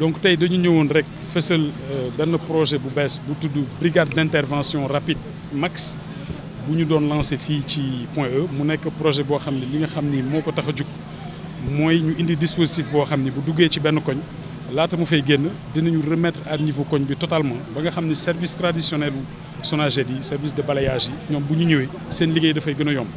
donc tey dañu ñëwoon rek fësal euh, benn projet bu bees bu tudd brigade d'intervention rapide max bu ñu doon lancé fii ci Point E mu nekk projet boo xam ne li nga xam ni moo ko tax a jug mooy ñu indi dispositif boo xam ni bu duggee ci benn koñ laata mu fay génn dinañu remettre à niveau koñ bi totalement ba nga xam ni service traditionnel u SONAGED yi service de balayage yi ñoom bu ñu ñëwee seen liggéey dafay gën a yomb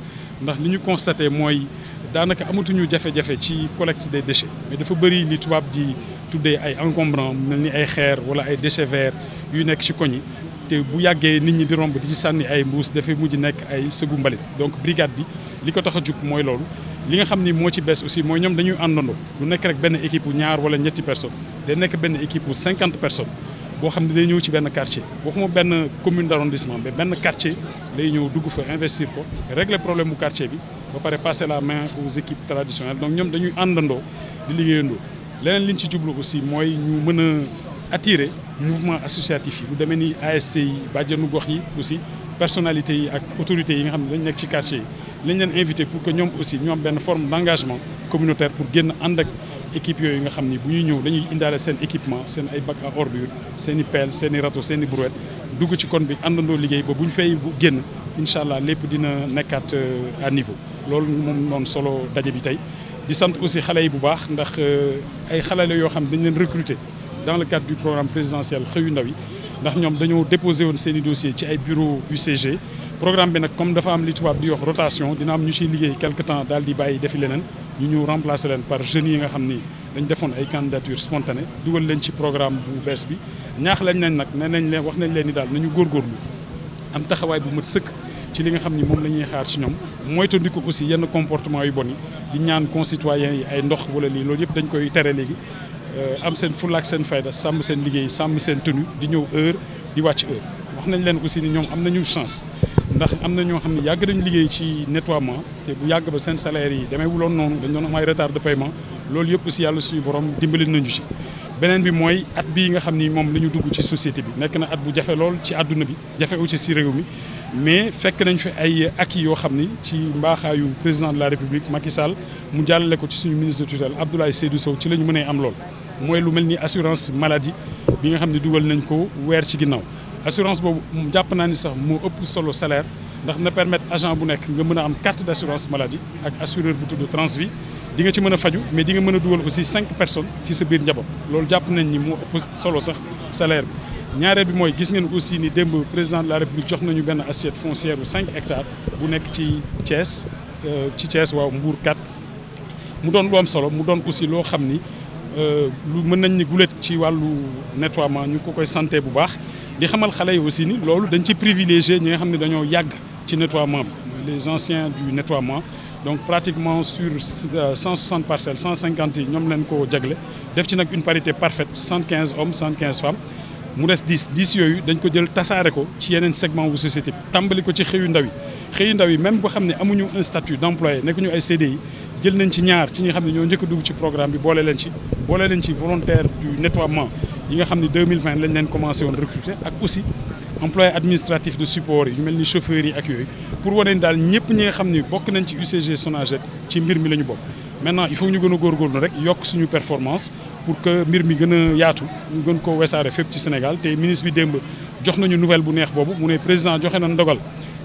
ndax li ñu constaté mooy daanaka amatuñu jafe-jafe ci collecte des déchets mais dafa bëri li tubaab di tuddee ay encombrants mel ni ay xeer wala ay déchets verts yu nekk ci koñ yi te bu yàggee nit ñi di romb di ci sànni ay mbuus dafay mujj nekk ay sëgu mbalit donc brigade bi li ko tax a jug mooy loolu li nga xam ni moo ci bees aussi mooy ñoom dañuy àndandoo lu nekk rek benn équipe bu ñaar wala ñetti personnes day nekk benn équipe bu cinquante personnes boo xam ne day ñëw ci benn quartier waxuma benn commune d' arrondissement mais benn quartier day ñëw dugg fa investir ko régler problème bu quartier bi ba pare passer la main aux équipes traditionnelles donc ñoom dañuy àndandoo di liggéeyandoo leneen liñ ci jublu aussi mooy ñu mën a attirer mouvement associatif yi lu demee ni ASC yi bàjjenu gox yi aussi personnalité yi ak autorités yi nga xam ne dañ nekk ci quartier yi lañ leen invité pour que ñoom aussi ñu benn forme d' engagement pour génn ànd équipe yooyu nga xam ni bu ñuy ñëw dañuy indaale seen équipement seen ay bac à ordure seen i seeni seen i râteau i dugg ci kon bi àndandoo liggéey ba bu ñu fay génn incha allah lépp dina nekkaat euh, à niveau. loolu moom noonu solo daje bi tey di sant aussi xale yi bu baax ndax euh, ay xale la yoo xam dañ leen recruter dans le cadre du programme présidentiel xëyu ndaw yi ndax ñoom dañoo déposé woon seen i dossier ci ay bureau UCG programme bi nag comme dafa am li tubaab daal di bàyyi defi leneen. ñu ñu remplacer leen par jeunes yi nga xam ni dañ defoon ay candidature spontanée dugal leen ci programme bu bees bi ñaax lañ nañ nag ne nañ leen wax nañ leen ni daal nañu góorgóorlu am taxawaay bu mat sëkk ci li nga xam ni moom la ñuy xaar ci ñoom moytandiku aussi yenn comportement yu bon yi di ñaan concitoyens yi ay ndox wala lii loolu yëpp dañ koy tere léegi euh, am seen fulla ak seen fayda sàmm seen liggéey sàmm seen tenue di ñëw heure di wàcc heure wax nañ leen aussi ni ñoom am nañu chance ndax am na ñoo xam ne yàgg dañu liggéey ci nettoiement te bu yàgg ba seen salaire yi demee wuloon noonu dañ doon am ay retard de paiement loolu yëpp aussi yàlla suñu borom dimbali nañu ci beneen bi mooy at bii nga xam ni moom la ñu dugg ci société bi nekk na at bu jafe lool ci àdduna bi jafe aussi si réew mi mais fekk nañ fi ay aki yoo xam ni ci mbaaxaayu président de la république Macky Sall mu jàllale ko ci suñu ministre de tutelle Abdoulaye Seydou Sow ci la ñu mënee am lool mooy lu mel ni assurance maladie bi nga xam ne dugal nañ ko weer ci ginnaaw assurance boobu jàpp naa ni sax moo ëpp solo salaire ndax na permettre agent bu nekk nga mën a am carte d' assurance maladie ak assureur bu tudd Transvie di nga ci mën a faju mais di nga mën a dugal aussi cinq personnes ci sa biir njaboot loolu jàpp nañ ni moo ëpp solo sax salaire bi ñaareel bi mooy gis ngeen aussi ni démb président de la république jox nañu benn assiette foncière bu cinq hectares bu nekk ci Thiès euh, ci Thiès waaw mbuur 4 mu doon lu am solo mu doon aussi loo xam ni euh, lu mën nañ ni gulet ci wàllu nettoiement ñu ko koy santé bu baax di xamal xale yi aussi ni loolu dañ ci privilégié ñi nga xam ne dañoo yàgg ci nettoiement bi les anciens du nettoiement donc pratiquement sur 160 euh, parcelles 150 yi ñoom leen ko jagle def ci nag une parité parfaite 75 hommes 75 femmes mu des 10 10 yooyu dañ ko jël tasaare ko ci yeneen segment wu société bi tàmbali ko ci xëyu ndaw yi xëyu ndaw yi même boo xam ne amuñu un statut d' employé nekk ñu ay jël nañ ci ñaar ci ñi xam ne ñoo njëkk dugg ci programme bi boole leen ci boole leen ci volontaire du nettoiement yi nga xam ne 2020 lañ leen commencé woon recruter ak aussi employé administratif de support yi ñu mel ni chauffeurs yi ak yooyu pour wane ni daal ñëpp ñi nga xam ni bokk nañ ci UCG Sonaged ci mbir mi la ñu bokk maintenant il faut ñu gën a góorgóorlu rek yokk suñu performance pour que mbir mi gën yaatu ñu gën ko wesaare fépp ci Sénégal te ministre bi démb jox nañu nouvelle bu neex boobu mu ne président joxe na ndogal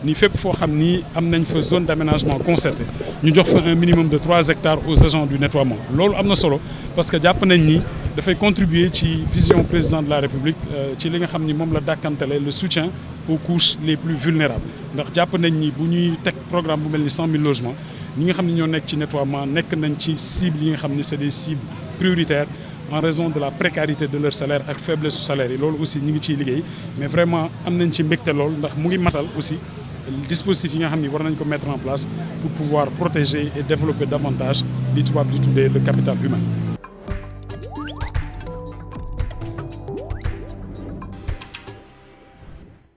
ni fépp foo xam ni am nañ fa zone d'aménagement concerté ñu jox fa un minimum de 3 hectares aux agents du loolu am na solo parce que jàpp nañ dafay contribuer ci vision président de la république euh, ci li nga xam ni moom la dàkkantale le soutien aux couches les plus vulnérables ndax jàpp nañ ni bu ñuy teg programme bu mel ni cent mille logements ñi nga xam ne ñoo nekk ci nettoiement nekk nañ ci cibles yi nga xam ni c'est des cibles prioritaires en raison de la précarité de leur salaire ak faiblesse su salaire yi loolu aussi ñi ngi ciy liggéey mais vraiment am nañ ci mbégte lool ndax mu ngi matal aussi dispositif yi nga xam ni war nañ ko mettre en place pour pouvoir protéger et développer davantage tuddee le capital humain